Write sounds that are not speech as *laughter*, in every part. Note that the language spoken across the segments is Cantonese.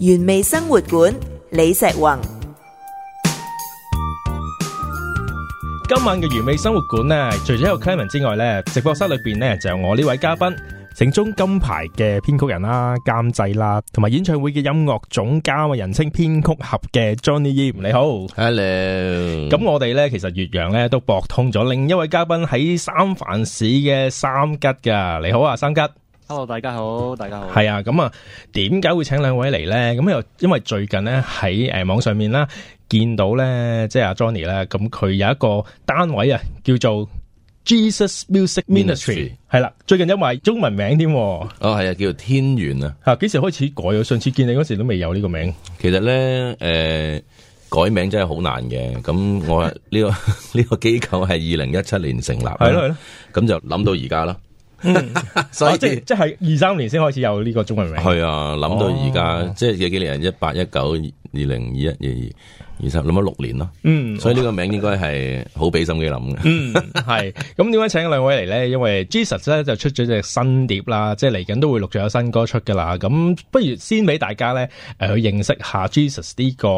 原味生活館李石宏，今晚嘅原味生活館咧，除咗有 client 之外咧，直播室裏邊咧就有我呢位嘉賓，城中金牌嘅編曲人啦、監製啦，同埋演唱會嘅音樂總監啊，人稱編曲俠嘅 Johnny Yim，你好，Hello。咁我哋咧，其實越洋咧都駁通咗另一位嘉賓喺三藩市嘅三吉噶，你好啊，三吉。Hello, 大家好,大家好。係啊,咁啊,點解會請兩位嚟呢?咁又因為最近呢,喺網上面啦,見到呢,即係阿 Johnny 呢,咁佢有一個單位呀,叫做 Jesus Music Ministry. 係啦,最近有埋中文名添喎嗯、所以、啊、即係二三年先開始有呢個中文名，係啊。諗到而家、哦、即係幾幾年，一八一九二零二一二二二三，諗咗六年咯。嗯，所以呢個名應該係好俾心機諗嘅。嗯，係咁點解請兩位嚟咧？因為 Jesus 咧就出咗隻新碟啦，即係嚟緊都會錄咗有新歌出噶啦。咁不如先俾大家咧，誒、呃、去認識下 Jesus，這個，是是呢個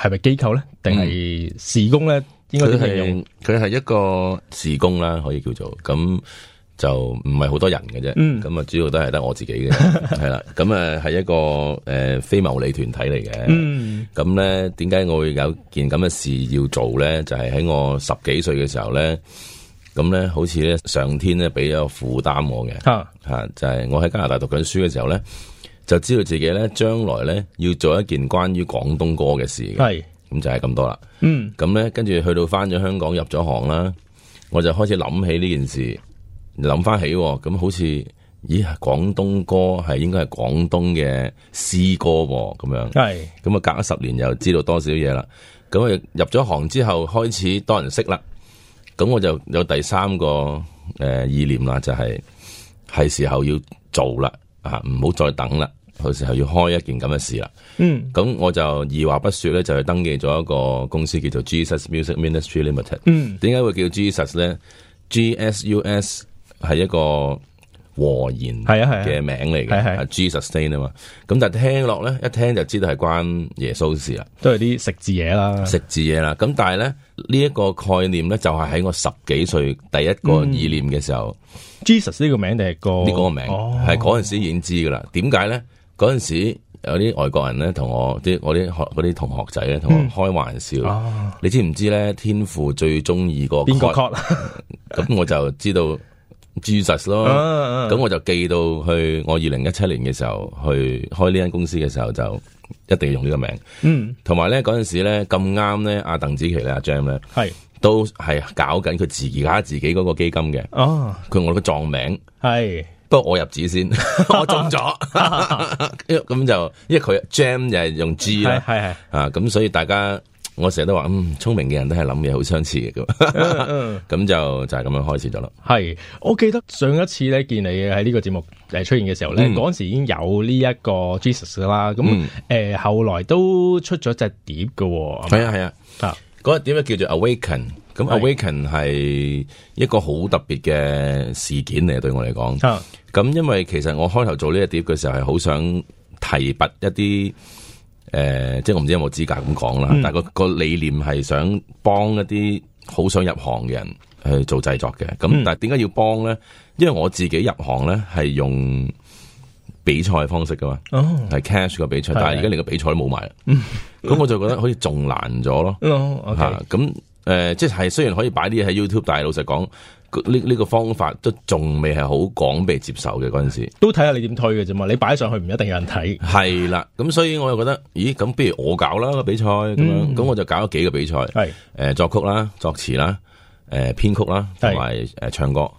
係咪機構咧，定係事工咧？應該都係用佢係、嗯、一個事工啦，可以叫做咁。就唔係好多人嘅啫，咁啊、嗯、主要都係得我自己嘅，係啦， *laughs* 咁啊係一個誒、呃、非牟利團體嚟嘅，咁咧點解我會有件咁嘅事要做咧？就係、是、喺我十幾歲嘅時候咧，咁咧好似咧上天咧俾咗個負擔我嘅，吓、啊、就係、是、我喺加拿大讀緊書嘅時候咧，就知道自己咧將來咧要做一件關於廣東歌嘅事嘅，係是，咁就係咁多啦，嗯，咁咧跟住去到翻咗香港入咗行啦，我就開始諗起呢件事。諗翻起咁好似，咦？廣東歌係應該係廣東嘅詩歌咁、哦、樣。係咁啊，隔咗十年又知道多少嘢啦。咁啊，入咗行之後開始多人識啦。咁我就有第三個誒、呃、意念啦，就係、是、係時候要做啦，啊，唔好再等啦。到時候要開一件咁嘅事啦。嗯。咁我就二話不說咧，就去、是、登記咗一個公司，叫做 G-SUS Music Ministry Limited。嗯。點解會叫 G-SUS 咧？G-S-U-S。GS 係一個和弦，係啊係嘅名嚟嘅係係 Gsus 啊嘛。咁但係聽落咧，一聽就知道係關耶穌事啦。都係啲食字嘢啦，食字嘢啦。咁但係咧，呢一個概念咧，就係喺我十幾歲第一個意念嘅時候、嗯、Jesus 呢個名第一個，個，個名係嗰陣時已經知㗎啦。點解咧？嗰陣時有啲外國人咧，同我啲我啲學啲同學仔咧，同我開玩笑。嗯啊、你知唔知咧？天父最中意個邊個 chord 咁， *laughs* 我就知道。G 字咯，咁、啊啊、我就記到去我二零一七年嘅時候去開呢間公司嘅時候就一定要用呢個名，嗯，同埋咧嗰陣時咧咁啱咧阿鄧紫棋咧阿 Jam 咧係都係搞緊佢自家自己嗰個基金嘅、啊，哦，佢我個撞名係，是 不過我入紙先， *laughs* 我中咗了， *laughs* *laughs* 咁就因為佢 Jam 又係用 G 咧，係係啊，咁 主持人 gusta 所以大家。我成日都話，嗯，聰明嘅人都係諗嘢好相似嘅咁，咁 *laughs* 就就係、是、咁樣開始咗咯。係，我記得上一次咧見你喺呢個節目誒出現嘅時候咧，嗰、嗯、時已經有呢一個 Jesus 啦，咁誒、嗯呃、後來都出咗隻碟嘅、哦。係啊係啊，啊嗰隻碟咧叫做 Awaken，咁 Awaken 係、啊、一個好特別嘅事件嚟，對我嚟講。咁、啊、因為其實我開頭做呢隻碟嘅時候係好想提拔一啲。誒、呃，即係我唔知有冇資格咁講啦，但係個個理念係想幫一啲好想入行嘅人去做製作嘅。咁但係點解要幫咧？因為我自己入行咧係用比賽方式噶嘛，係 cash 個比賽，的但係而家連個比賽都冇埋啦。咁 *laughs* 我就覺得好似仲難咗咯。吓咁誒，即係雖然可以擺啲嘢喺 YouTube，但係老實講。呢呢個方法都仲未係好廣被接受嘅嗰陣時，都睇下你點推嘅啫嘛，你擺上去唔一定有人睇。係啦，咁所以我又覺得，咦，咁不如我搞啦個比賽咁、嗯、樣，咁我就搞咗幾個比賽，係誒是、呃、作曲啦、作詞啦、誒、呃、編曲啦，同埋誒唱歌。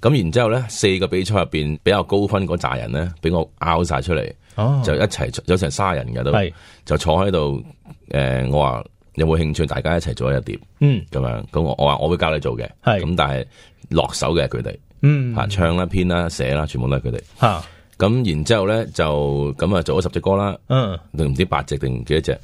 咁然之後咧，四個比賽入邊比較高分嗰扎人咧，俾我拗晒出嚟，哦、就一齊有成卅人嘅都，是就坐喺度。誒、呃，我話。有冇興趣？大家一齊做一碟，嗯，咁樣，咁我我話我會教你做嘅，係是，咁但係落手嘅係佢哋，嗯，吓、啊、唱啦、編啦、寫啦，全部都係佢哋，吓、啊，咁然之後咧就咁啊做咗十隻歌啦，嗯，定唔知八隻定幾多隻，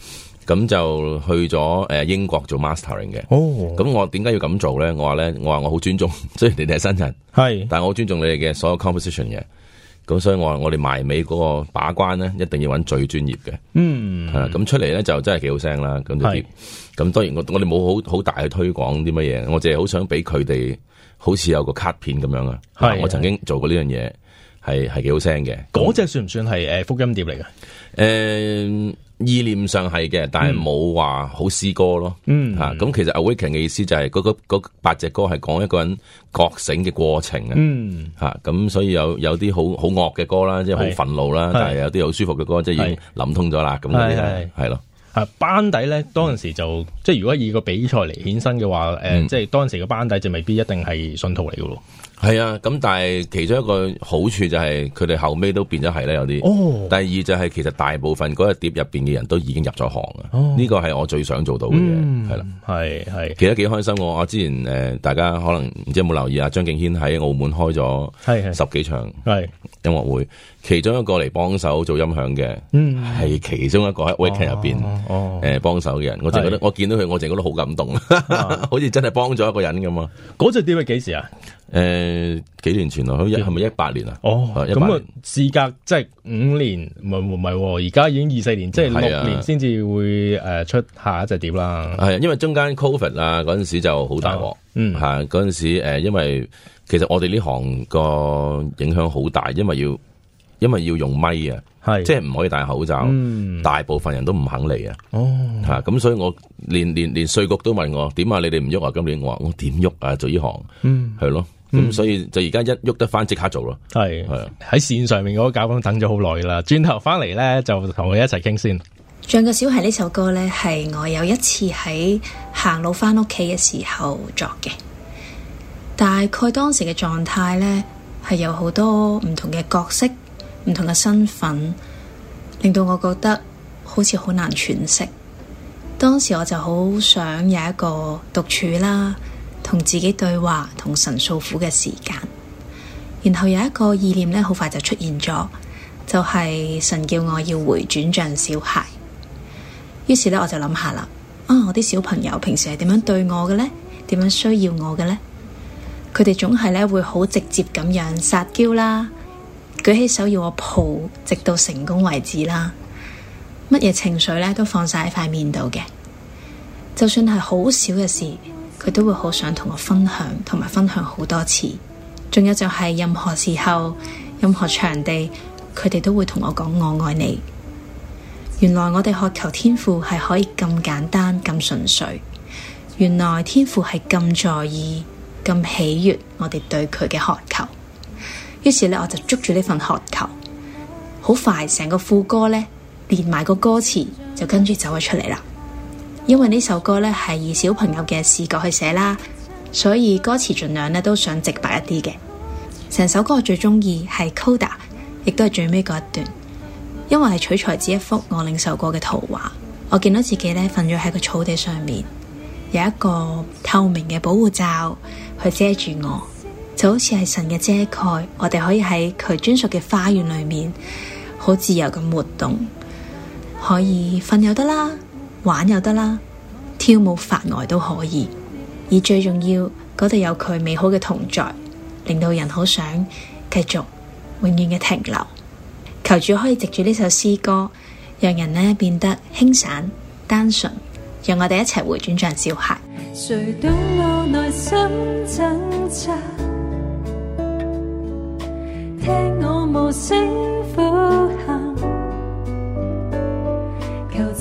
咁就去咗誒、呃、英國做 mastering 嘅，哦，咁我點解要咁做咧？我話咧，我話我好尊重，雖然你哋係新人，係是，但係我好尊重你哋嘅所有 composition 嘅。咁所以我話我哋埋尾嗰個把關咧，一定要揾最專業嘅。嗯，係咁、啊、出嚟咧就真係幾好聲啦。咁就咁，當然我我哋冇好好大嘅推廣啲乜嘢，我淨係好想俾佢哋好似有個卡片咁樣啊。係的、啊、我曾經做過呢樣嘢，係係幾好聲嘅。嗰隻算唔算係誒福音碟嚟㗎？誒、嗯。意念上係嘅，但係冇話好詩歌咯。嗯，吓咁、啊、其實 Awaken 嘅意思就係、是、嗰、那個那個、八隻歌係講一個人覺醒嘅過程嘅、啊。嗯，吓咁、啊、所以有有啲好好惡嘅歌啦，即係好憤怒啦，是但係有啲好舒服嘅歌，是即係已經諗通咗啦。咁嗰啲係係咯。吓班底咧，當陣時就即係如果以個比賽嚟衍生嘅話，誒、呃，嗯、即係當時個班底就未必一定係信徒嚟嘅。係啊，咁但係其中一個好處就係佢哋後尾都變咗係咧有啲。哦，第二就係其實大部分嗰個碟入邊嘅人都已經入咗行嘅。呢個係我最想做到嘅嘢，係啦，係係，其實幾開心我。我之前誒，大家可能即係冇留意啊，張敬軒喺澳門開咗十幾場係音樂會，其中一個嚟幫手做音響嘅，嗯，係其中一個喺 weekend 入邊，哦，誒幫手嘅人，我淨係覺得我見到佢，我淨係覺得好感動，好似真係幫咗一個人咁啊。嗰隻碟係幾時啊？誒、呃，幾年前啊，佢 Okay. 一係咪、oh, 一八年啊？哦，咁啊，事隔即係五年，唔係唔係，而家已經二四年，即係六年先至會誒出下一隻碟啦。係啊，因為中間 Covid 啊，嗰陣時就好大鑊，嗯、oh, um, 啊，係嗰陣時誒、呃，因為其實我哋呢行個影響好大，因為要因為要用咪啊，係即係唔可以戴口罩，um, 大部分人都唔肯嚟、oh, 啊。哦，吓咁，所以我連連連稅局都問我點啊？你哋唔喐啊？今年我話我點喐啊，啊，啊？做呢行，嗯、um，係咯。咁、嗯、所以就而家一喐得翻即刻做咯，係係喺線上面嗰個教工等咗好耐啦，轉頭翻嚟咧就同佢一齊傾先。像個、嗯、小孩呢首歌咧，係我有一次喺行路翻屋企嘅時候作嘅，大概當時嘅狀態咧係有好多唔同嘅角色、唔同嘅身份，令到我覺得好似好難詮釋。當時我就好想有一個獨處啦。同自己對話，同神訴苦嘅時間，然後有一個意念咧，好快就出現咗，就係神叫我要回轉像小孩。於是咧，我就諗下啦，啊，我啲小朋友平時係點樣對我嘅咧？點樣需要我嘅咧？佢哋總係咧會好直接咁樣撒嬌啦，舉起手要我抱，直到成功為止啦。乜嘢情緒咧都放晒喺塊面度嘅，就算係好少嘅事。佢都會好想同我分享，同埋分享好多次。仲有就係、是、任何時候、任何場地，佢哋都會同我講，我愛你。原來我哋渴求天父係可以咁簡單、咁純粹。原來天父係咁在意、咁喜悅我哋對佢嘅渴求。於是咧，我就捉住呢份渴求，好快成個副歌咧，連埋個歌詞就跟住走咗出嚟啦。因為呢首歌咧係以小朋友嘅視角去寫啦，所以歌詞盡量都想直白一啲嘅。成首歌我最中意係 Coda，亦都係最尾嗰一段，因為係取材自一幅我領受過嘅圖畫。我見到自己咧瞓咗喺個草地上面，有一個透明嘅保護罩去遮住我，就好似係神嘅遮蓋，我哋可以喺佢專屬嘅花園裏面好自由咁活動，可以瞓又得啦，玩又得啦。跳舞、發呆都可以，而最重要嗰度有佢美好嘅同在，令到人好想繼續永遠嘅停留。求主可以藉住呢首詩歌，讓人咧變得輕散單純，讓我哋一齊回轉向小孩，誰懂我內心掙扎，聽我無聲呼喊。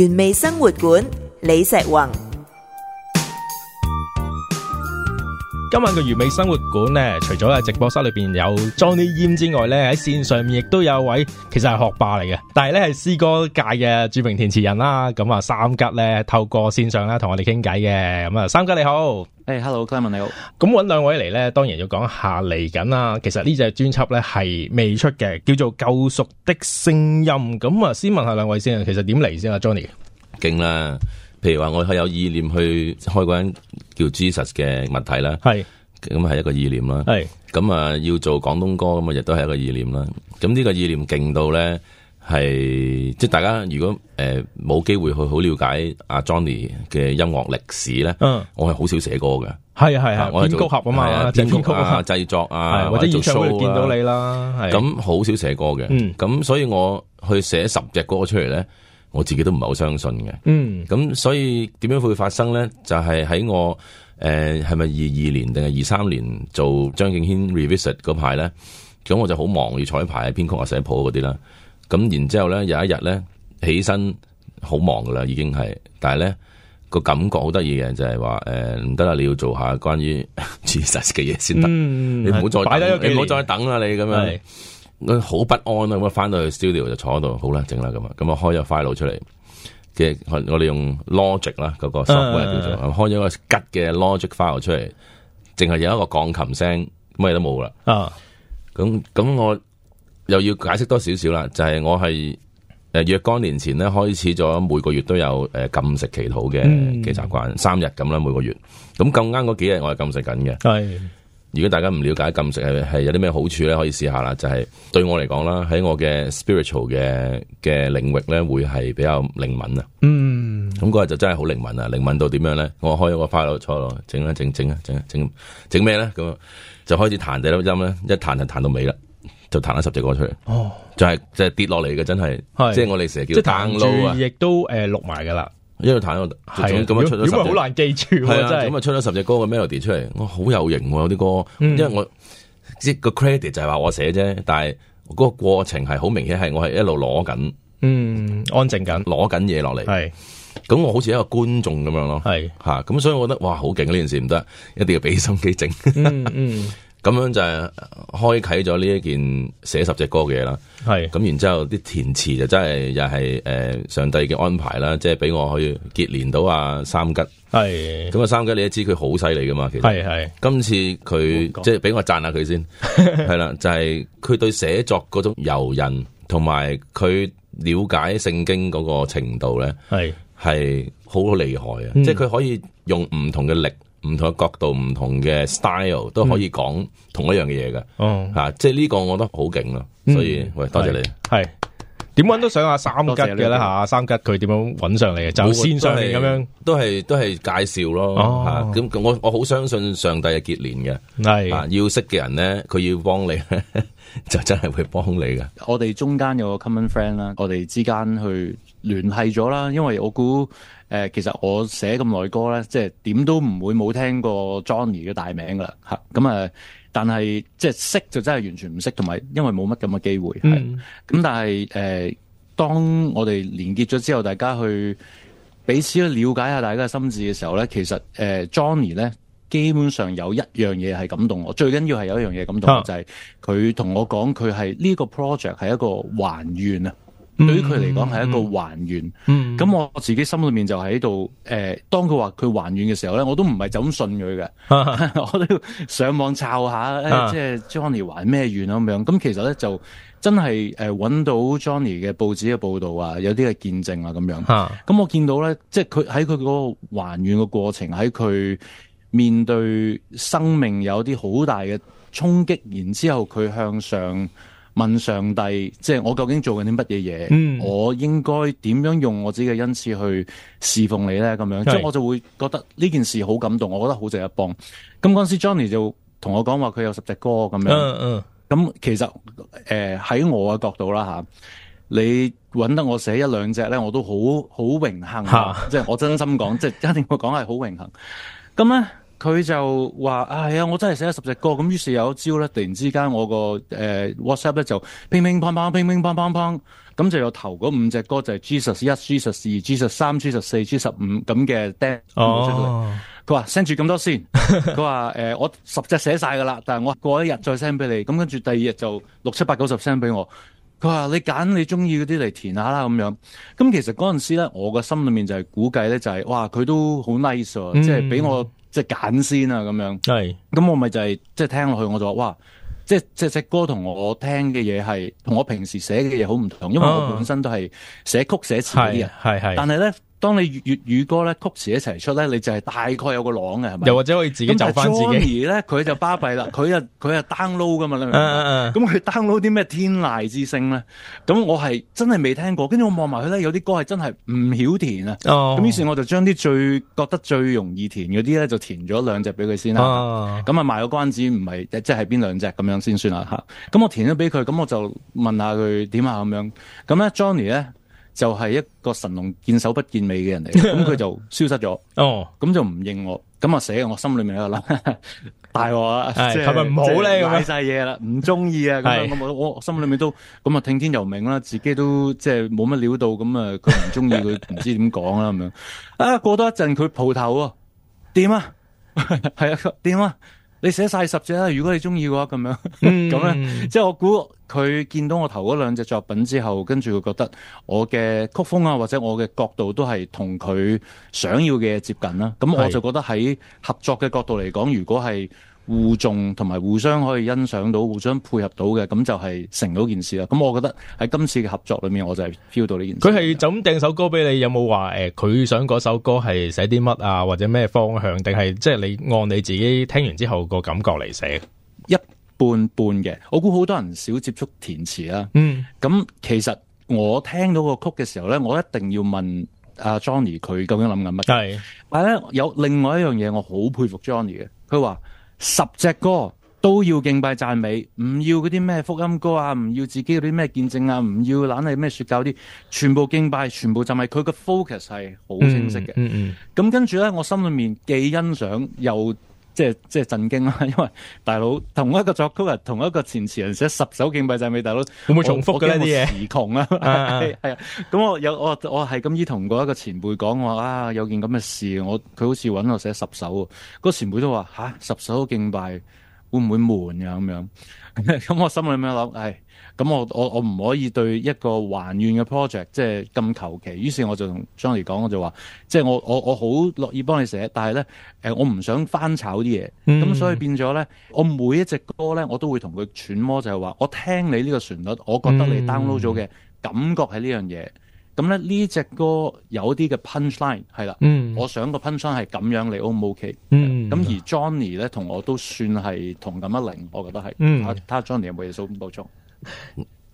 原味生活館，李石宏。今晚嘅完美生活館咧，除咗喺直播室裏邊有 Johnny Yim 之外咧，喺綫上面亦都有位，其實係學霸嚟嘅，但係咧係詩歌界嘅著名填詞人啦。咁、嗯、啊，三吉咧透過綫上啦同我哋傾偈嘅。咁、嗯、啊，三吉你好，誒、hey，Hello，Clement 你好。咁揾兩位嚟咧，當然要講下嚟緊啦。其實呢隻專輯咧係未出嘅，叫做《救贖的聲音》。咁、嗯、啊，先問下兩位先啊，其實點嚟先啊，Johnny。勁啦！譬如話我係有意念去開個叫 Jesus 嘅物體啦，係咁係一個意念啦，係咁啊要做廣東歌咁啊亦都係一個意念啦。咁呢個意念勁到咧，係即係大家如果誒冇機會去好了解阿 Johnny 嘅音樂歷史咧，嗯，我係好少寫歌嘅。係啊係啊，編曲合啊嘛，編曲啊製作啊或者演唱會見到你啦，係咁好少寫歌嘅，嗯，咁所以我去寫十隻歌出嚟咧。我自己都唔係好相信嘅，嗯，咁、嗯、所以點樣會發生咧？就係、是、喺我誒係咪二二年定係二三年做張敬軒 Revisit 嗰排咧，咁、嗯、我就好忙要彩排、編曲啊寫、寫譜嗰啲啦，咁然之後咧有一日咧起身好忙噶啦，已經係，但係咧個感覺好得意嘅，就係話誒唔得啦，你要做下關於 process 嘅嘢先得，你唔好再唔好再等啦，你咁樣。好、呃、不安啦，咁啊翻到去 studio 就坐喺度，好啦，整啦咁啊，咁啊開咗、uh uh. file 出嚟嘅，我我哋用 logic 啦，嗰個 software 叫做，咁開咗個吉嘅 logic file 出嚟，淨係有一個鋼琴聲，乜嘢都冇啦。啊、uh.，咁咁我又要解釋多少少啦，就係、是、我係誒若干年前咧開始咗每個月都有誒禁食祈禱嘅嘅習慣，uh. 三日咁啦，每個月，咁咁啱嗰幾日我係禁食緊嘅。係、uh. 啊。如果大家唔了解，禁食係係有啲咩好處咧，可以試下啦。就係、是、對我嚟講啦，喺我嘅 spiritual 嘅嘅領域咧，會係比較靈敏啊。嗯，咁嗰日就真係好靈敏啊！靈敏到點樣咧？我開咗個 file，坐落整啦，整，整啊，整啊，整咩咧？咁就開始彈第粒音咧，一彈就彈到尾啦，就彈咗十隻歌出嚟。哦，就係、是、就係跌落嚟嘅，真係。是即係我哋成日叫彈 low 啊。亦都誒錄埋噶啦。一路彈，就咁的樣出咗。如果係好難記住，係啊，咁啊真的出咗十隻歌嘅 melody 出嚟，我好有型喎、有、啲歌。嗯、因為我即個 credit 就係話我寫啫，但係嗰個過程係好明顯係我係一路攞緊，嗯，安靜緊，攞緊嘢落嚟。係的，咁我好似一個觀眾咁樣咯。係的，吓的，咁、啊、所以我覺得哇，好勁呢件事唔得，一定要俾心機整。 *laughs* 嗯嗯咁樣就係開啟咗呢一件寫十隻歌嘅嘢啦，係咁是然之後啲填詞就真係又係誒上帝嘅安排啦，即係俾我可以結連到阿、啊、三吉，係咁阿三吉你都知佢好犀利噶嘛，其實、係係是今次佢、嗯、即係俾我讚下佢先，係 *laughs* 啦就係、是、佢對寫作嗰種油潤同埋佢了解聖經嗰個程度咧，係係好厲害啊，嗯、即係佢可以用唔同嘅力。唔同嘅角度、唔同嘅 style 都可以講同一樣嘅嘢嘅，吓、嗯啊，即係呢個我覺得好勁咯。所以，嗯、喂，多謝你。係點揾都上阿三吉嘅啦吓，三吉佢點樣揾上嚟嘅，就個先上嚟咁樣，都係都係介紹咯。吓、哦，咁、啊、我我好相信上帝嘅結連嘅，係的啊，要識嘅人咧，佢要幫你， *laughs* 就真係會幫你嘅。我哋中間有個 common friend 啦，我哋之間去聯繫咗啦，因為我估。誒、呃，其實我寫咁耐歌咧，即係點都唔會冇聽過 Johnny 嘅大名噶啦，嚇咁啊！嗯、但係即係識就真係完全唔識，同埋因為冇乜咁嘅機會，係咁。但係誒，當我哋連結咗之後，大家去彼此了解下大家嘅心智嘅時候咧，其實誒、呃、Johnny 咧，基本上有一樣嘢係感動我，最緊要係有一樣嘢感動、啊、就係佢同我講佢係呢個 project 係一個還願啊！對於佢嚟講係一個還願，咁我自己心裏面就喺度誒，當佢話佢還願嘅時候咧，我都唔係就咁信佢嘅，我都要上網抄下，即係 Johnny 還咩願啊咁樣。咁其實咧就真係誒揾到 Johnny 嘅報紙嘅報導啊，有啲嘅見證啊咁樣。咁我見到咧，即係佢喺佢嗰個還願嘅過程，喺佢面對生命有啲好大嘅衝擊，然之後佢向上。問上帝，即係我究竟做緊啲乜嘢嘢？嗯、我應該點樣用我自己嘅恩賜去侍奉你咧？咁樣，是即係我就會覺得呢件事好感動，我覺得好值一幫。咁嗰陣時，Johnny 就同我講話，佢有十隻歌咁樣。咁、啊啊嗯、其實誒喺、呃、我嘅角度啦吓、啊，你搵得我寫一兩隻咧，我都好好榮幸。吓、啊，啊、即係我真心講， *laughs* 即係一定會講係好榮幸。咁咧。佢就話，係啊，我真係寫咗十隻歌。咁於是有一朝咧，突然之間，我個誒 WhatsApp 咧就乒乒乓乓、乒乒乓乓乓，咁就有頭嗰五隻歌就係 G 十一、G 十二、G 十三、G 十四、G 十五咁嘅單。哦，佢話 send 住咁多先。佢話誒，我十隻寫晒噶啦，但係我過一日再 send 俾你。咁跟住第二日就六七八九十 send 俾我。佢話你揀你中意嗰啲嚟填下啦咁樣。咁其實嗰陣時咧，我個心裡面就係估計咧，就係哇，佢都好 nice 喎，即係俾我。即係揀先啊，咁樣係，咁我咪就係即係聽落去，我就話、是、哇，即係即係隻歌同我聽嘅嘢，係同我平時寫嘅嘢好唔同，因為我本身都係寫曲寫詞嘅。哦，係係，但係咧。當你粵語歌咧，曲詞一齊出咧，你就係大概有個朗嘅，係咪？又或者可以自己就翻自己呢。咁阿 Johnny 咧，佢就巴閉啦，佢啊佢啊 download 噶嘛，你明唔明？咁佢 download 啲咩天籟之聲咧？咁我係真係未聽過。跟住我望埋佢咧，有啲歌係真係唔曉填啊。咁、oh. 於是我就將啲最覺得最容易填嗰啲咧，就填咗兩隻俾佢先啦。咁啊，賣個關子，唔係即係邊兩隻咁樣先算啦嚇。咁我填咗俾佢，咁我就問下佢點啊咁樣。咁咧，Johnny 咧。就係一個神龍見首不見尾嘅人嚟，咁佢就消失咗，咁、 *laughs* 哦、就唔認我，咁啊死啊！我心裏面喺度諗，大 *laughs* 鑊啊，係咪唔好咧？咁啊晒嘢啦，唔中意啊！咁我我心裏面都咁啊聽天由命啦，自己都即係冇乜料到，咁啊佢唔中意，佢唔知點講啦咁樣。啊過多一陣佢蒲頭，點啊？係啊點啊？你寫晒十隻啦，如果你中意嘅話，咁樣咁咧、嗯， *laughs* 即係我估佢見到我頭嗰兩隻作品之後，跟住會覺得我嘅曲風啊，或者我嘅角度都係同佢想要嘅接近啦、啊。咁我就覺得喺合作嘅角度嚟講，如果係，互重同埋互相可以欣賞到，互相配合到嘅，咁就係成到件事啦。咁我覺得喺今次嘅合作裏面，我就係 feel 到呢件事。佢係就咁掟首歌俾你，有冇話誒？佢、欸、想嗰首歌係寫啲乜啊？或者咩方向？定係即係你按你自己聽完之後個感覺嚟寫？一半半嘅。我估好多人少接觸填詞啦、啊。嗯。咁其實我聽到個曲嘅時候咧，我一定要問阿、啊、Johnny 佢究竟諗緊乜？係是。但係咧有另外一樣嘢，我好佩服 Johnny 嘅。佢話。十隻歌都要敬拜讚美，唔要嗰啲咩福音歌啊，唔要自己嗰啲咩見證啊，唔要懶係咩説教啲，全部敬拜，全部就係佢嘅 focus 係好清晰嘅、嗯。嗯嗯，咁跟住咧，我心裏面既欣賞又。即係即係震驚啦，因為大佬同一個作曲人，同一個填詞人寫十首敬拜就係咪？大佬會唔會重複嘅呢啲嘢？時窮 *laughs* *laughs* 啊、啊、啊， *laughs* 係啊，咁我有我我係咁意同過一個前輩講，我話啊，有件咁嘅事，我佢好似揾我寫十首，那個、啊。嗰前輩都話吓，十首敬拜會唔會悶嘅咁樣？咁 *laughs* 我心裏面諗，唉、哎。咁、嗯、我我我唔可以對一個還願嘅 project 即係咁求其，於是我就同 Johnny 講，我就話，即係我我我好樂意幫你寫，但係咧誒，我唔想翻炒啲嘢，咁、嗯嗯、所以變咗咧，我每一隻歌咧，我都會同佢揣摩，就係、是、話我聽你呢個旋律，我覺得你 download 咗嘅感覺係呢樣嘢，咁咧呢隻歌有啲嘅 punchline 係啦，我想個 punchline 係咁樣你 O 唔 OK？咁而 Johnny 咧同我都算係同感一零，我覺得係，睇下 Johnny 有冇嘢想補充？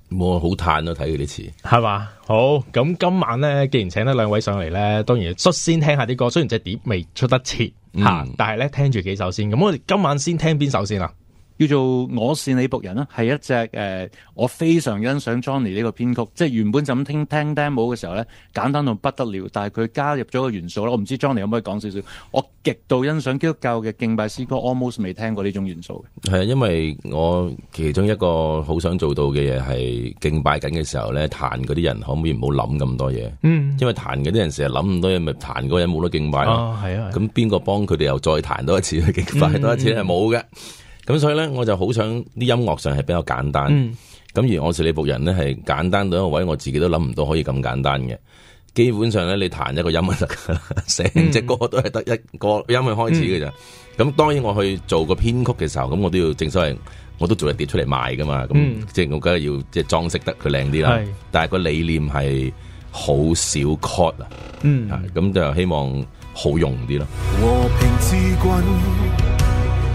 冇好嘆咯，啊，睇佢啲詞係嘛？好，咁今晚咧，既然請得兩位上嚟咧，當然率先聽下啲歌，雖然隻碟未出得切吓，嗯、但係咧聽住幾首先，咁我哋今晚先聽邊首先啊？叫做我是你僕人啦，係一隻誒，我非常欣賞 Johnny 呢個編曲，即係原本就咁聽聽 demo 嘅時候咧，簡單到不得了。但係佢加入咗個元素啦，我唔知 Johnny 可唔可以講少少。我極度欣賞基督教嘅敬拜詩歌，almost 未聽過呢種元素嘅。係啊，因為我其中一個好想做到嘅嘢係敬拜緊嘅時候咧，彈嗰啲人可唔可以唔好諗咁多嘢？嗯、因為彈嗰啲人成日諗咁多嘢咪彈嗰嘢冇得敬拜咯。係啊、哦，咁邊個幫佢哋又再彈多一次去敬拜多一次係冇嘅。嗯嗯咁所以咧，我就好想啲音樂上係比較簡單。咁、嗯、而我是你僕人咧，係簡單到一個位，我自己都諗唔到可以咁簡單嘅。基本上咧，你彈一個音樂就得㗎，成隻歌都係得一個音樂開始嘅啫。咁、嗯嗯、當然我去做個編曲嘅時候，咁我都要正所謂，我都做一碟出嚟賣噶嘛。咁、嗯、即係我梗係要即係裝飾得佢靚啲啦。嗯、但係個理念係好少 chord 啊、嗯。咁、嗯嗯、就希望好用啲咯。和平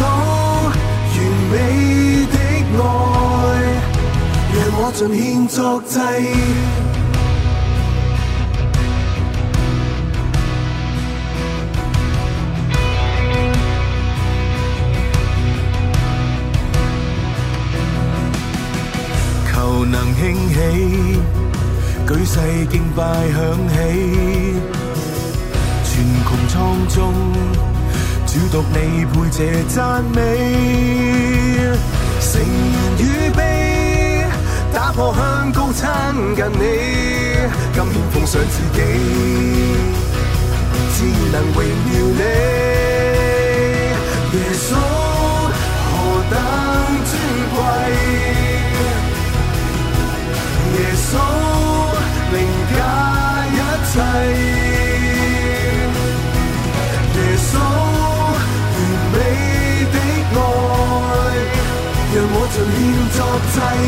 當完美的愛，讓我盡獻作祭。求能興起，舉世敬拜響起，全穹唱頌。主獨你配謝讚美，成言與悲打破向高親近你，今天奉上自己，只願能榮耀你。耶穌何等尊貴！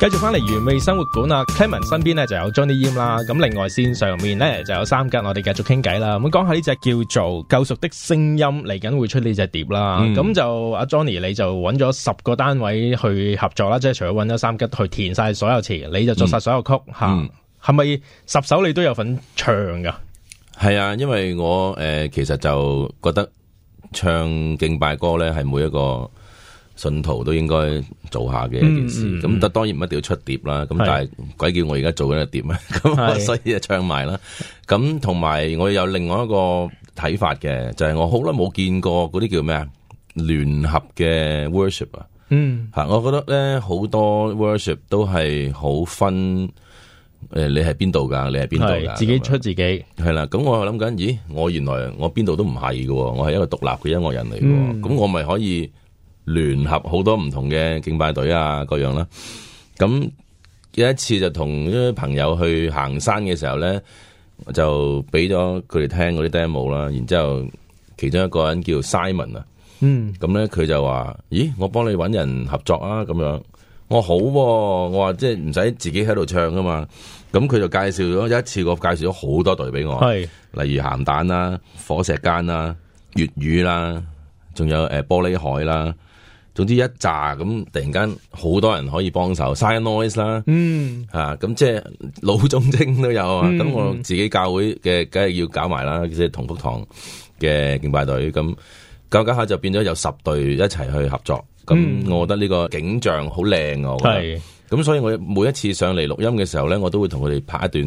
繼續翻嚟原味生活館啊，Kevin 身邊咧 *noise* 就有 Johnny Yim 啦，咁另外線上面咧就有三吉，我哋繼續傾偈啦。咁講下呢隻叫做《救贖的聲音》，嚟緊會出呢隻碟啦。咁、嗯、就阿、啊、Johnny，你就揾咗十個單位去合作啦，即係除咗揾咗三吉去填晒所有詞，你就作晒所有曲吓。係咪十首你都有份唱噶？係啊，因為我誒、呃、其實就覺得唱敬拜歌咧係每一個。信徒都應該做下嘅一件事，咁但、嗯嗯、當然唔一定要出碟啦。咁是但係鬼叫我而家做緊個碟咩？咁是 *laughs* 所以就唱埋啦。咁同埋我有另外一個睇法嘅，就係、是、我好耐冇見過嗰啲叫咩啊聯合嘅 worship 啊。嗯、吓、啊，我覺得咧好多 worship 都係好分誒、欸，你係邊度噶？你係邊度噶？是自己出自己係啦。咁我諗緊，咦？我原來我邊度都唔係嘅，我係一個獨立嘅音樂人嚟嘅。咁、嗯、我咪可以。聯合好多唔同嘅敬拜隊啊，各樣啦。咁有一次就同啲朋友去行山嘅時候咧，就俾咗佢哋聽我啲 demo 啦。然之後，其中一個人叫 Simon 啊，嗯，咁咧佢就話，咦，我幫你搵人合作啊，咁樣。我好、啊，我話即係唔使自己喺度唱啊嘛。咁佢就介紹咗，有一,一次過介紹咗好多隊俾我，係是，例如鹹蛋啦、火石間啦、粵語啦，仲有誒、呃、玻璃海啦。總之一扎咁，突然間好多人可以幫手，side noise 啦、mm. 啊，吓咁即係老中青都有、mm. 啊。咁我自己教會嘅，梗係要搞埋啦。即係同福堂嘅敬拜隊，咁搞搞下就變咗有十隊一齊去合作。咁、mm. 啊、我覺得呢個景象好靚、mm. 啊！係咁，所以我每一次上嚟錄音嘅時候咧，我都會同佢哋拍一段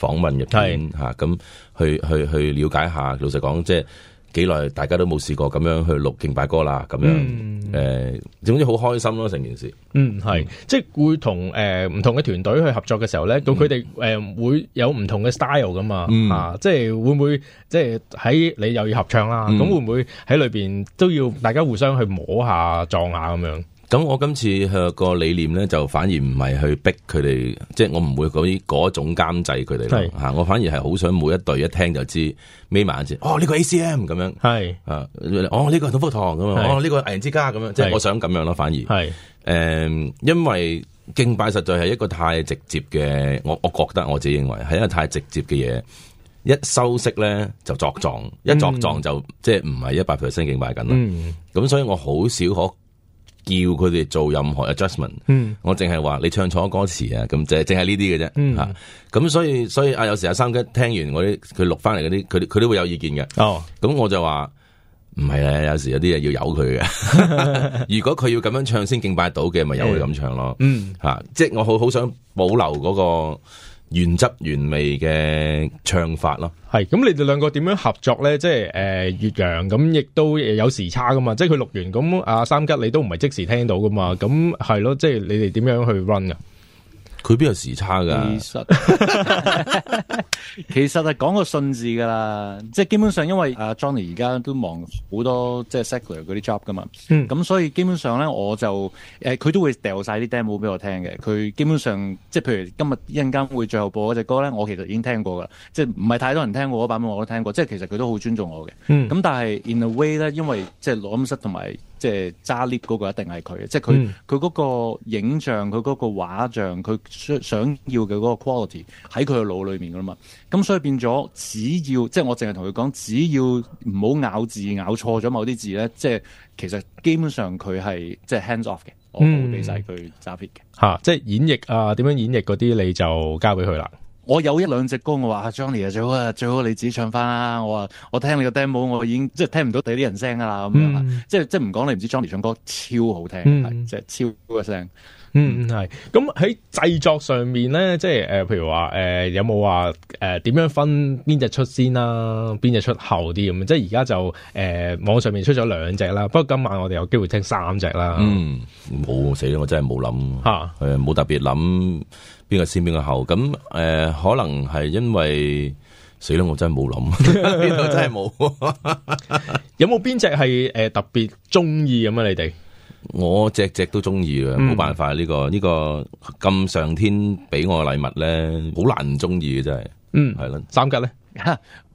訪問入邊吓，咁、mm. 啊、去去去了解下。老實講，即係。幾耐大家都冇試過咁樣去錄敬拜歌啦，咁樣誒、嗯呃，總之好開心咯、啊、成件事。嗯，係，嗯、即係會、呃、同誒唔同嘅團隊去合作嘅時候咧，咁佢哋誒會有唔同嘅 style 噶嘛，嗯、啊，即係會唔會即係喺你又要合唱啦、啊，咁、嗯、會唔會喺裏邊都要大家互相去摸下撞下咁樣？咁我今次個理念咧，就反而唔係去逼佢哋，即係我唔會嗰啲嗰種監製佢哋吓，我反而係好想每一隊一聽就知，眯埋眼先哦呢、這個 A C M 咁樣，係是、啊、哦呢、這個董福堂咁啊，哦呢是、哦這個藝人之家咁樣，是即係我想咁樣咯，反而係誒是、嗯，因為敬拜實在係一個太直接嘅，我我覺得我自己認為係因為太直接嘅嘢，一收息咧就作狀，一作狀就即係唔係一百 percent 敬拜緊啦，咁、嗯嗯、所以我好少可。叫佢哋做任何 adjustment、嗯、我淨係話你唱錯歌詞、嗯、啊，咁就淨係呢啲嘅啫，吓咁所以所以啊，有時阿三吉聽完啲佢錄翻嚟嗰啲，佢佢都會有意見嘅。哦，咁我就話唔係啊，有時有啲嘢，要由佢嘅。 *laughs* *laughs* *laughs* 如果佢要咁樣唱先敬拜到嘅，咪由佢咁唱咯。嗯，吓、啊、即係我好好想保留嗰、嗰個原汁原味嘅唱法咯，係咁，你哋兩個點樣合作咧？即係誒，越洋咁亦都有時差噶嘛，即係佢錄完咁，阿、啊、三吉，你都唔係即時聽到噶嘛？咁係咯，即係你哋點樣去 run 噶？佢邊有時差噶？其實，其實係講個順字噶啦，即係基本上因為阿、啊、Johnny 而家都忙好多，即係 sector 嗰啲 job 噶嘛。咁、mm. mm. 所以基本上咧，我就誒佢、呃、都會掉晒啲 demo 俾我聽嘅。佢基本上即係譬如今日一陣間會最後播嗰隻歌咧，我其實已經聽過噶。即係唔係太多人聽過嗰版本我都聽過。即係其實佢都好尊重我嘅。咁、mm. 但係 in a way 咧，因為即係攞咁多同埋。即係揸 lift 嗰個一定係佢，嘅，即係佢佢嗰個影像，佢嗰個畫像，佢想要嘅嗰個 quality 喺佢嘅腦裏面噶啦嘛，咁所以變咗只要，即係我淨係同佢講，只要唔好咬字咬錯咗某啲字咧，即係其實基本上佢係即係 hands off 嘅，我會俾晒佢揸 lift 嘅。吓，即係演繹啊，點、呃、樣演繹嗰啲你就交俾佢啦。我有一兩隻歌，我話阿 Johnny 啊，最好啊，最好你自己唱翻啦。我話我聽你個 demo，我已經即係聽唔到第啲人聲㗎啦。咁樣、嗯、即係即係唔講你唔知，Johnny 唱歌超好聽，嗯、即係超高嘅聲。嗯，係咁喺製作上面咧，即係誒、呃，譬如話誒、呃，有冇話誒，點、呃、樣分邊隻出先啦、啊，邊隻出後啲咁？即係而家就誒、呃，網上面出咗兩隻啦，不過今晚我哋有機會聽三隻啦。嗯，冇死啦，我真係冇諗吓，係冇、啊、特別諗邊個先邊個後。咁誒、呃，可能係因為死啦，我真係冇諗，邊度 *laughs* *laughs* 真係冇。 *laughs* 有冇邊隻係誒特別中意咁啊？你哋？我只只都中意啊，冇辦法呢、呢個呢、呢個咁上天俾我禮物咧，好難唔中意嘅真係，嗯係咯。三吉咧，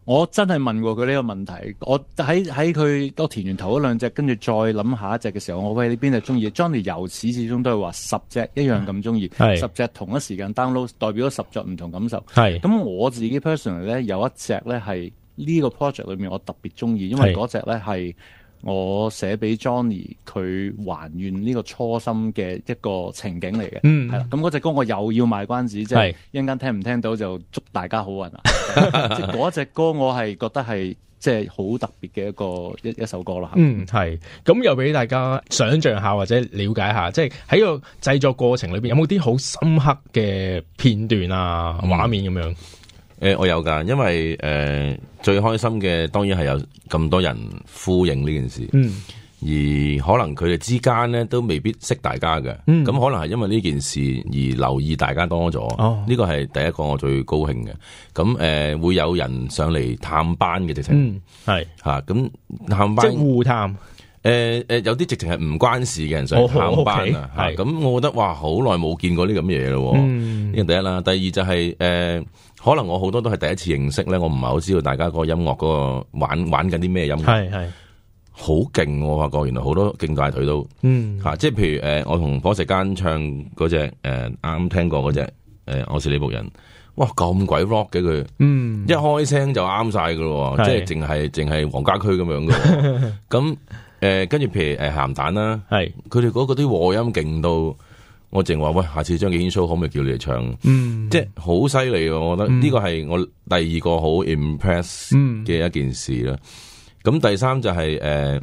我真係問過佢呢個問題，我喺喺佢都填完頭嗰兩隻，跟住再諗下一隻嘅時候，我喂你邊隻中意？Johnny 由始至終都係話十隻一樣咁中意，是十隻同一時間 download 代表咗十隻唔同感受。係咁是我自己 personally 咧有一隻咧係呢個 project 裏面我特別中意，因為嗰隻咧係。我寫俾 Johnny 佢還願呢個初心嘅一個情景嚟嘅，係啦、嗯，咁嗰隻歌我又要賣關子，是即係一陣間聽唔聽到就祝大家好運啦。嗰隻、 *laughs* 那個、歌我係覺得係即係好特別嘅一個一一首歌啦，嗯，係。咁又俾大家想象下或者了解下，即係喺個製作過程裏邊有冇啲好深刻嘅片段啊、畫、嗯、面咁樣？誒、呃，我有噶，因為誒、呃、最開心嘅當然係有咁多人呼應呢件事，嗯，而可能佢哋之間咧都未必識大家嘅，咁、嗯、可能係因為呢件事而留意大家多咗，哦，呢個係第一個我最高興嘅，咁誒、呃、會有人上嚟探班嘅直情係吓，咁、嗯啊、探班即係互探。誒誒，呃、有啲直情係唔關事嘅人上考班啊，係咁、哦，okay 啊嗯、我覺得哇、啊，好耐冇見過呢咁嘢咯。嗯，呢個第一啦，第二就係、是、誒、啊，可能我好多都係第一次認識咧，我唔係好知道大家嗰個音樂嗰、那個玩玩緊啲咩音樂。係係好勁，我發覺原來好多勁大腿都吓，即係、嗯啊、譬如誒、呃，我同火石間唱嗰隻誒啱聽過嗰隻誒，我是李部人，哇咁鬼 rock 嘅佢，嗯、一開聲就啱晒噶咯，即係淨係淨係黃家駒咁樣嘅，咁、啊。誒、呃，跟住譬如誒咸、呃、蛋啦，係佢哋嗰個啲和音勁到，我淨話喂，下次張敬軒 show 可唔可以叫你嚟唱？嗯，即係好犀利，我覺得呢個係我第二個好 impress 嘅一件事啦。咁、嗯、第三就係、是、誒。呃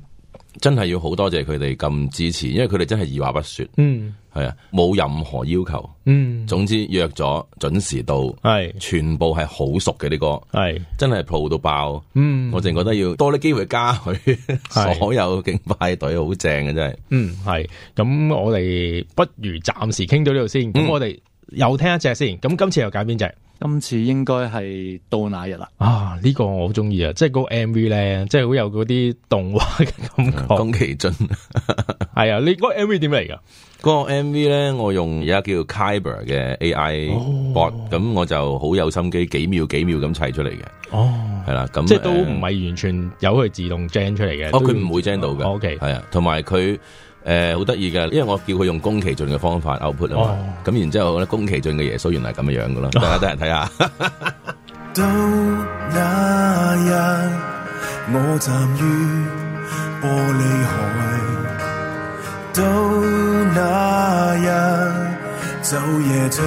真係要好多謝佢哋咁支持，因為佢哋真係二話不說，嗯係啊，冇任何要求，嗯，總之約咗準時到，係是全部係好熟嘅呢個，係是真係 pro 到爆，嗯，我淨係覺得要多啲機會加佢，是 *laughs* 所有警派隊好正嘅真係，嗯係咁，我哋不如暫時傾到呢度先，咁、嗯、我哋又聽一隻先，咁今次又揀邊隻？今次應該係到那日啦！啊，呢，這個我好中意啊，即係嗰個 M V 咧，即係好有嗰啲動畫嘅感覺。宮崎駿係啊，呢 *laughs* 個 M V 點嚟噶？嗰個 M V 咧，我用而家叫 Kaiber 嘅 A I，哦，Bot，咁我就好有心機，幾秒幾秒咁砌出嚟嘅。哦，係啦，咁即係都唔係完全由佢自動 gen 出嚟嘅。哦，佢唔會 gen 到嘅。O K，係啊，同埋佢。誒，好得意嘅，因為我叫佢用宮崎駿嘅方法 output 啊、oh.，咁然之後咧，宮崎駿嘅耶穌原來係咁嘅樣噶啦，大家都係睇下。看看 *laughs* 到那日，我站於玻璃海；到那日，就夜唱，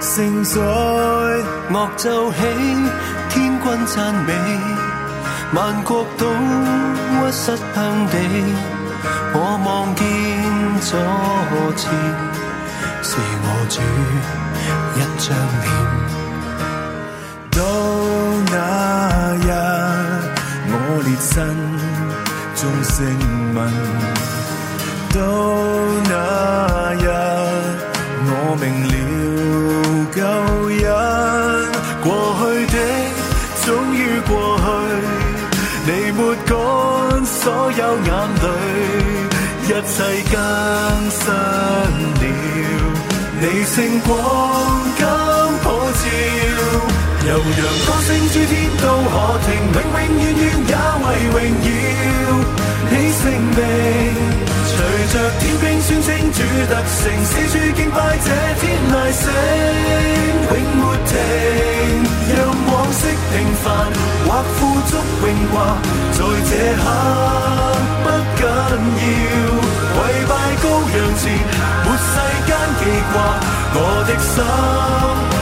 聖哉，樂奏起，天君讚美，萬國都屈膝向地。我望見左前，是我主一張臉。到那日，我列身眾聖問，到那。所有眼淚，一切更失了，你星光緊抱住。悠揚歌聲諸天都可聽，永永遠遠也為榮耀你姓名。隨着天兵宣稱主得勝，四處敬拜這天籟聲永沒停。讓往昔平凡或富足榮華，在這刻不緊要。跪拜羔羊前，沒世間記掛我的心。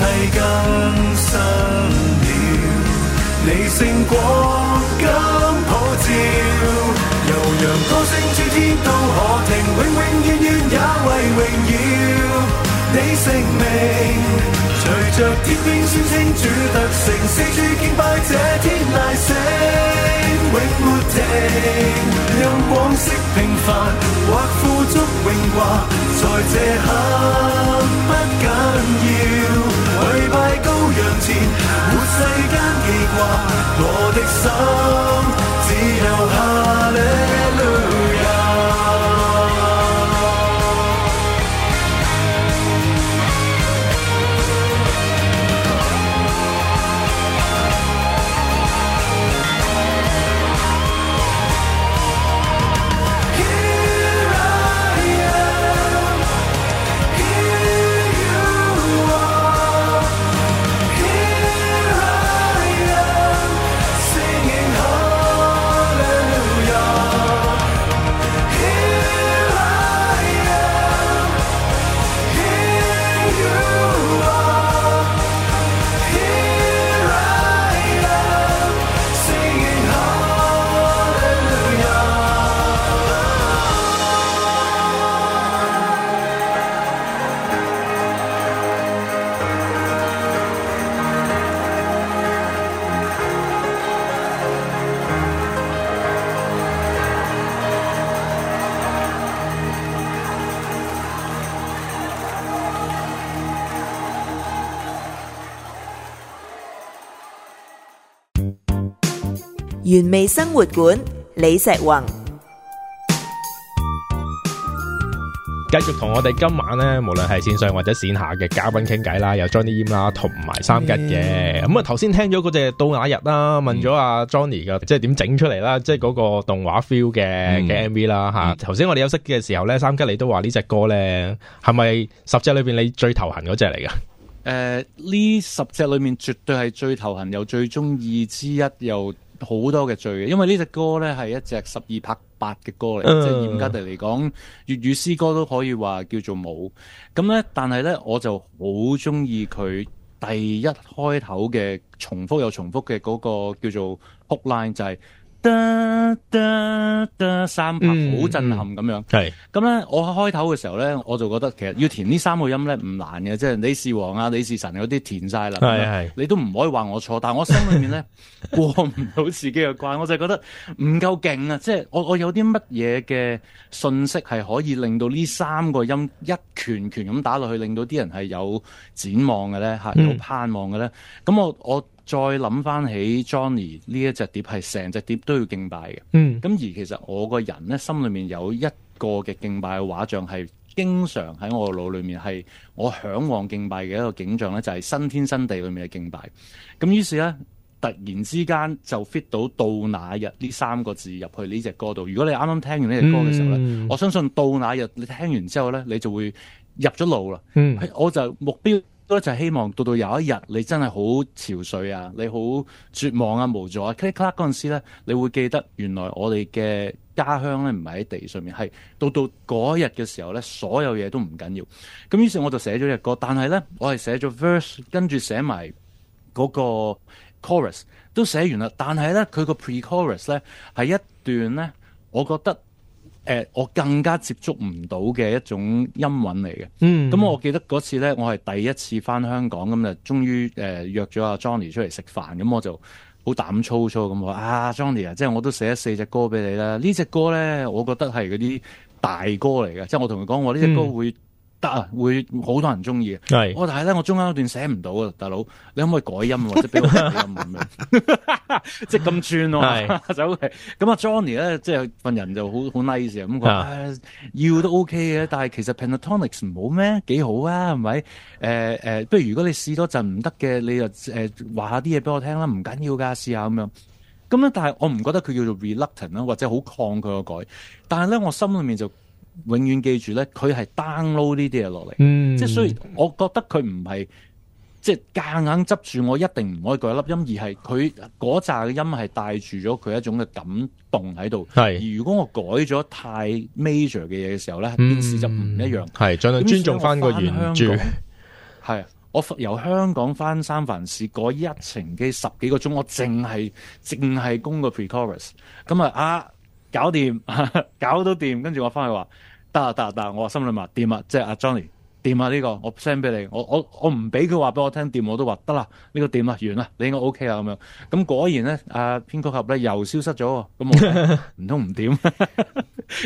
世間更新了，你聖光咁普照，悠揚歌聲諸天都可停，永永遠遠也為榮耀。你聖名隨着天邊宣稱主得勝，四處敬拜這天籟聲。永沒停，讓往昔平凡或富足永掛，在這刻不緊要，跪拜羔羊前，活世間記掛，我的心只有哈利路。原味生活館李石宏，繼續同我哋今晚咧，無論係線上或者線下嘅嘉賓傾偈啦，有 Johnny Yim 啦，同埋三吉嘅。咁啊、欸，頭先、嗯、聽咗嗰隻到哪日啦，問咗阿、啊、Johnny 噶，嗯、即係點整出嚟啦，即係嗰個動畫 feel 嘅嘅 MV 啦吓。頭、啊、先、嗯、我哋休息嘅時候咧，三吉你都話呢隻歌咧係咪十隻裏邊你最頭痕嗰隻嚟噶？誒、呃，呢十隻裏面絕對係最頭痕又最中意之一又。好多嘅句嘅，因為呢隻歌咧係一隻十二拍八嘅歌嚟，uh, 即係嚴格地嚟講，粵語詩歌都可以話叫做冇。咁咧，但係咧，我就好中意佢第一開頭嘅重複又重複嘅嗰個叫做 hook line 就係、是。三拍，好、嗯、震撼咁樣。係咁咧，呢嗯、我開頭嘅時候咧，是我就覺得其實要填呢三個音咧唔難嘅，即係你係王啊、你係神嗰啲填晒啦。係係是，你都唔可以話我錯。但係我心裏面咧過唔到自己嘅關，我就覺得唔夠勁啊！即、就、係、是、我我有啲乜嘢嘅信息係可以令到呢三個音一拳拳咁打落去，令到啲人係有展望嘅咧，吓有盼望嘅咧。咁我我。嗯再諗翻起 Johnny 呢一隻碟，係成隻碟都要敬拜嘅。嗯，咁而其實我個人呢，心裏面有一個嘅敬拜嘅畫像，係經常喺我嘅腦裏面，係我向往敬拜嘅一個景象呢就係、是、新天新地裏面嘅敬拜。咁於是呢，突然之間就 fit 到到那日呢三個字入去呢隻歌度。如果你啱啱聽完呢隻歌嘅時候呢，嗯、我相信到那日你聽完之後呢，你就會入咗路啦。嗯、我就目標。都就希望到到有一日你真係好憔悴啊，你好絕望啊、無助啊，click click 嗰陣時咧，你會記得原來我哋嘅家鄉咧唔係喺地上面，係到到嗰日嘅時候咧，所有嘢都唔緊要。咁於是我就寫咗隻歌，但係咧我係寫咗 verse，跟住寫埋嗰個 chorus 都寫完啦。但係咧佢個 pre-chorus 咧係一段咧，我覺得。誒、呃，我更加接觸唔到嘅一種音韻嚟嘅。咁、嗯嗯、我記得嗰次咧，我係第一次翻香港，咁就終於誒約咗阿 Johnny 出嚟食飯，咁、嗯、我就好膽粗粗咁話啊，Johnny 啊，Johnny，即係我都寫咗四隻歌俾你啦。呢隻歌咧，我覺得係嗰啲大歌嚟嘅，即係我同佢講，我呢隻歌會。嗯得啊， *music* 會好多人中意。係，我但係咧，我中間嗰段寫唔到啊，大佬，你可唔可以改音或者俾我改音咁樣？ *laughs* *laughs* 即係咁串咯，走嘅。咁啊，Johnny 咧，即係份人就好好 nice 啊，咁講。要都 OK 嘅，但係其實 pentatonics 唔好咩？幾好啊，係咪？誒、呃、誒，不、呃、如如果你試多陣唔得嘅，你就誒話下啲嘢俾我聽啦，唔緊要㗎，試下咁樣。咁咧，但係我唔覺得佢叫做 reluctant 啦，或者好抗拒我改。但係咧，我心裡面就～永遠記住咧，佢係 download 呢啲嘢落嚟，嗯、即係雖然我覺得佢唔係即係夾硬執住我一定唔可以改粒音，而係佢嗰扎嘅音係帶住咗佢一種嘅感動喺度。係是，如果我改咗太 major 嘅嘢嘅時候咧，件、嗯、事就唔一樣。係盡量尊重翻個原著。係，我由香港翻三藩市嗰 *laughs* 一程嘅十幾個鐘，我淨係淨係供個 prechorus。咁啊啊！搞掂，搞到掂，跟住我翻去話得啊得啊得，我話心裏話掂啊，即係阿 Johnny 掂啊呢個，我 send 俾你，我我我唔俾佢話俾我聽掂，我都話得啦，呢個掂啦，完啦，啦，啦，啦，你應該 OK 啊咁樣。咁果然咧，阿、啊、編曲俠咧又消失咗，咁唔通唔掂？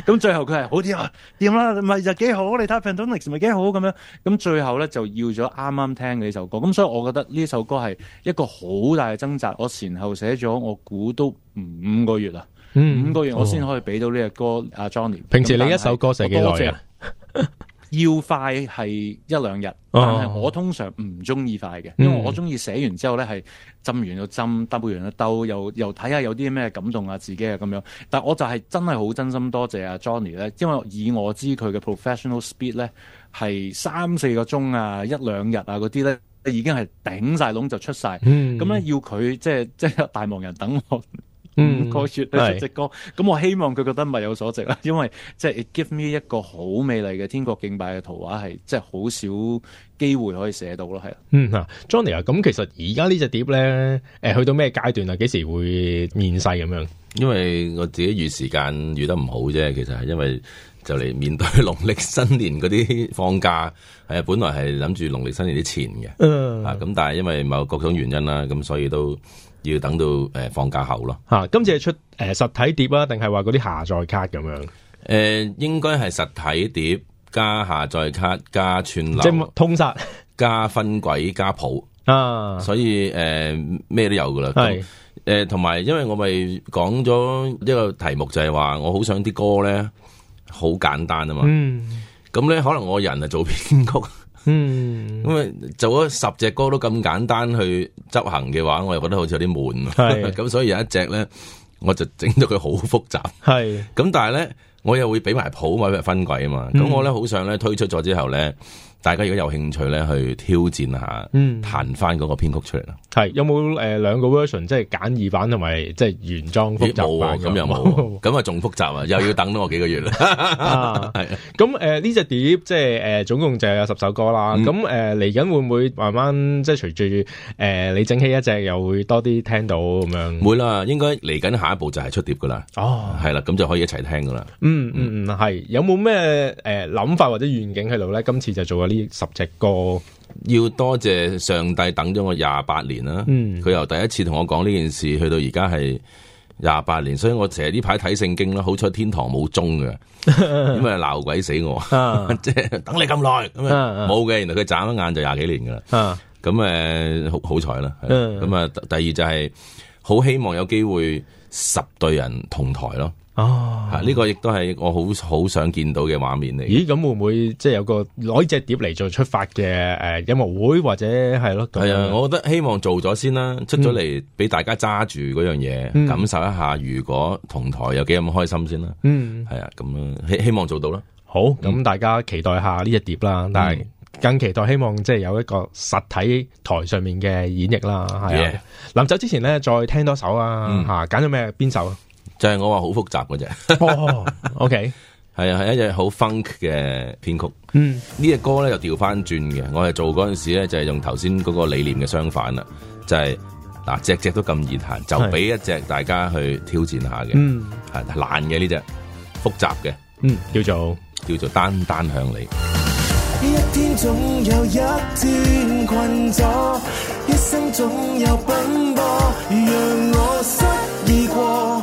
咁 *laughs* 最後佢係好掂啊，掂啦，咪就幾好，你睇下 Pentatonix 咪幾好咁樣。咁最後咧就要咗啱啱聽嘅呢首歌，咁所以我覺得呢首歌係一個好大嘅掙扎，我前後寫咗我估都五五個月啦。嗯，五個月我先可以俾到呢隻歌阿 Johnny。啊、John ny，平時是你一首歌寫幾耐啊？ *laughs* 要快係一兩日， *laughs* 但係我通常唔中意快嘅，嗯、因為我中意寫完之後咧，係浸完又浸，兜完又兜，又又睇下有啲咩感動啊，自己啊咁樣。但我就係真係好真心多謝阿、啊、Johnny 咧，因為以我知佢嘅 professional speed 咧，係三四個鐘啊，一兩日啊嗰啲咧，已經係頂晒籠就出晒。嗯。咁咧要佢即係即係大忙人等我。 *laughs* 確實呢隻歌，咁是我希望佢覺得物有所值啦，因為即係 it give me 一個好美麗嘅天國敬拜嘅圖畫，係即係好少機會可以寫到咯，係啊。嗯，啊，Johnny 啊，咁其實而家呢隻碟咧，誒、呃，去到咩階段啊？幾時會面世咁樣？因為我自己預時間預得唔好啫，其實係因為就嚟面對農曆新年嗰啲放假，係啊，本來係諗住農曆新年啲前嘅，啊，咁、啊、但係因為某各種原因啦，咁所以都。要等到誒、呃、放假後咯。嚇、啊，今次係出誒、呃、實體碟啊，定係話嗰啲下載卡咁樣？誒、呃，應該係實體碟加下載卡加串流，即係通殺加分軌、加譜啊！所以誒咩、呃、都有噶啦。係誒是，同埋、呃、因為我咪講咗一個題目就，就係話我好想啲歌咧，好簡單啊嘛。嗯，咁咧可能我人係做編曲。嗯，咁啊，做咗十隻歌都咁簡單去執行嘅話，我又覺得好似有啲悶，係咁是的、 *laughs* 嗯，所以有一隻咧，我就整到佢好複雜，係咁是的、嗯，但係咧。我又會俾埋譜或者分軌啊嘛，咁、嗯、我咧好想咧推出咗之後咧，大家如果有興趣咧去挑戰下，彈翻嗰個編曲出嚟咯。係有冇誒兩個 version，即係簡易版同埋即係原裝複雜版咁又冇，咁啊仲、啊、 *laughs* 複雜啊，又要等多我幾個月啦。係咁誒呢隻碟即係誒、呃、總共就有十首歌啦。咁誒嚟緊會唔會慢慢即係隨住誒你整起一隻又會多啲聽到咁樣？唔會啦，應該嚟緊下一步就係出碟噶啦。哦、啊，係啦，咁就可以一齊聽噶啦。嗯嗯嗯係，有冇咩誒諗法或者願景喺度咧？今次就做咗呢十隻歌，要多謝，謝上帝等咗我廿八年啦。佢、嗯、由第一次同我講呢件事，去到而家係廿八年，所以我成日呢排睇聖經啦。好彩天堂冇鐘嘅，咁啊鬧鬼死我，即係 *laughs* *laughs* 等你咁耐，冇嘅。原來佢眨一眼就廿幾年噶、 *laughs* 呃、啦。咁誒，好彩啦。咁、嗯、啊， *laughs* 第二就係、是、好希望有機會十隊人同台咯。哦，呢個亦都係我好好想見到嘅畫面嚟。咦，咁會唔會即係有個攞呢隻碟嚟做出發嘅誒音樂會或者係咯？係啊，我覺得希望做咗先啦，出咗嚟俾大家揸住嗰樣嘢，感受一下。如果同台有幾咁開心先啦。嗯，係啊，咁希希望做到啦。好，咁大家期待下呢隻碟啦。但係更期待希望即係有一個實體台上面嘅演繹啦。係啊，臨走之前咧，再聽多首啊吓，揀咗咩邊首？就係我話好複雜嗰隻、 *laughs* oh,，OK，係啊，係一隻好 funk 嘅編曲，嗯，呢隻歌咧又調翻轉嘅，我係做嗰陣時咧就係用頭先嗰個理念嘅相反啦，就係嗱隻隻都咁易彈，就俾一隻大家去挑戰下嘅，嗯、mm.，係難嘅呢隻複雜嘅，嗯，mm. 叫做叫做單單向你，呢一天總有一天困坐，一生總有奔波，讓我失意過。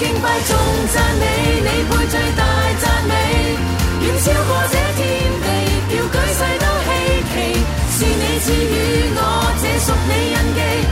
敬拜頌讚你，你配最大讚美，遠超過這天地，叫舉世都稀奇，是你賜予我這屬你印記。